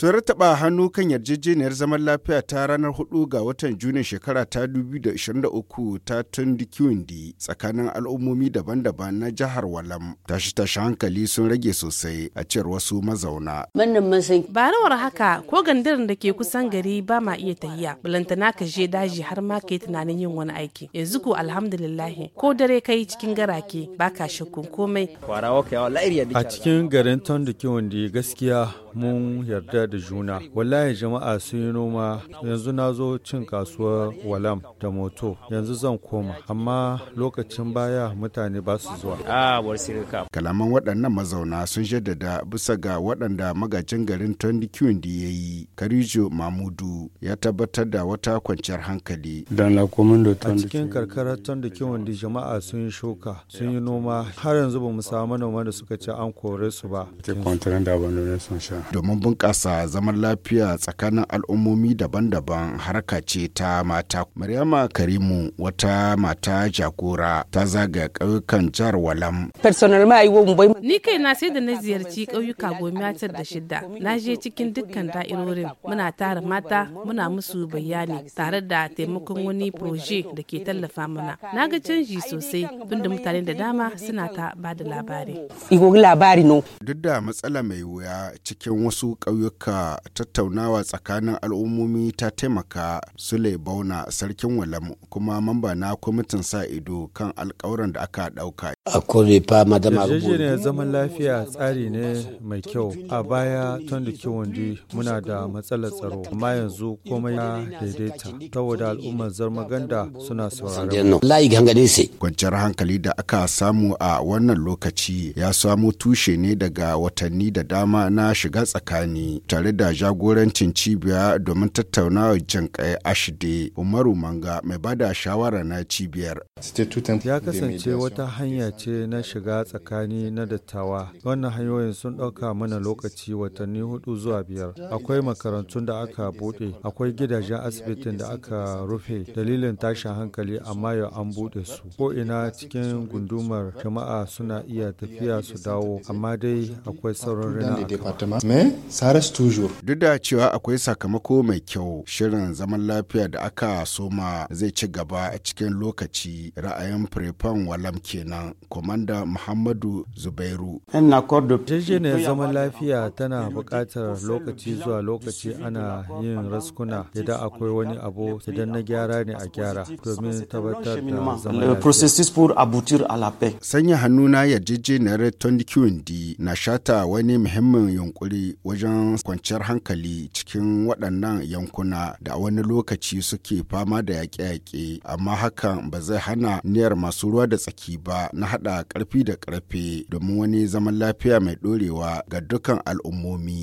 ta rattaba hannu kan yarjejeniyar zaman lafiya ta ranar 4 ga watan junin shekara ta 2023 ta tundikiwindi tsakanin al'ummomi daban-daban na jihar walam tashi-tashi hankali sun rage sosai a cewar wasu mazauna barawar haka ko gandarin da ke kusan gari ba ma iya tahiya bulantana ka je daji har ma ka yi tunanin yin wani aiki yanzu ko alhamdulillah ko dare ka yi cikin garake ba ka shakkun komai a cikin garin tundikiwindi gaskiya mun yarda da juna wallahi jama'a sun yi noma yanzu na zo cin kasuwar walam da moto yanzu zan koma amma lokacin baya mutane ba su zuwa ah, kalaman waɗannan mazauna sun jaddada bisa ga waɗanda magajin garin tondi kiwon ya yi karijo mamudu ya tabbatar da wata kwanciyar hankali a cikin karkara tondi kiwon jama'a sun yi shuka sun yi noma har yanzu ba mu samu noma da suka ce an kore su ba domin bunƙasa zaman lafiya tsakanin al'ummomi daban-daban harka ce ta mata. Maryama Karimu wata mata jagora ta zaga ƙauyukan jihar Walam. Ni kai na sai da na ziyarci ƙauyuka goma tar da shida. Na je cikin dukkan da'irorin muna tara mata muna musu bayani tare da taimakon wani proje da ke tallafa mana. Na ga canji sosai tunda mutane da dama suna ta ba da labari. Duk da matsala mai wuya cikin cikin wasu ƙauyuka tattaunawa tsakanin al'ummomi ta taimaka sule bauna sarkin walam kuma mamba na kwamitin sa ido kan alkawuran da aka ɗauka yarjejeniyar zaman lafiya tsari ne mai kyau a baya tun da kiwon muna da matsalar tsaro amma yanzu komai ya daidaita saboda al'ummar ganda suna sauraron kwanciyar hankali da aka samu a wannan lokaci ya samo tushe ne daga watanni da dama na shiga tsakani tare da jagorancin cibiya domin tattaunawar jinƙai ashide umaru manga mai bada shawara na cibiyar Ya kasance wata hanya ce na shiga tsakani na dattawa. Wannan hanyoyin sun ɗauka mana lokaci watanni hudu zuwa biyar. Akwai makarantun da aka buɗe, akwai gidajen asibitin da aka rufe dalilin tashin hankali amma yau an buɗe su. Ko ina cikin gundumar jama'a suna iya tafiya su dawo, amma dai akwai sauran rina Duk da cewa akwai sakamako mai kyau, shirin zaman lafiya da aka soma zai ci gaba a cikin lokaci ra'ayin prepon walam kenan komanda muhammadu zubairu ne zaman lafiya tana buƙatar lokaci zuwa lokaci ana yin raskuna idan akwai wani abu idan na gyara ne a gyara domin tabbatar da zaman lafiya sanya hannu na yarjejeniyar tony qnd na shata wani muhimmin yunkuri wajen kwanciyar hankali cikin waɗannan yankuna da wani lokaci suke fama da yaƙe-yaƙe amma hakan ba zai hana hana niyar masu ruwa da tsaki ba na hada karfi da karfe domin wani zaman lafiya mai ɗorewa ga dukkan al'ummomi.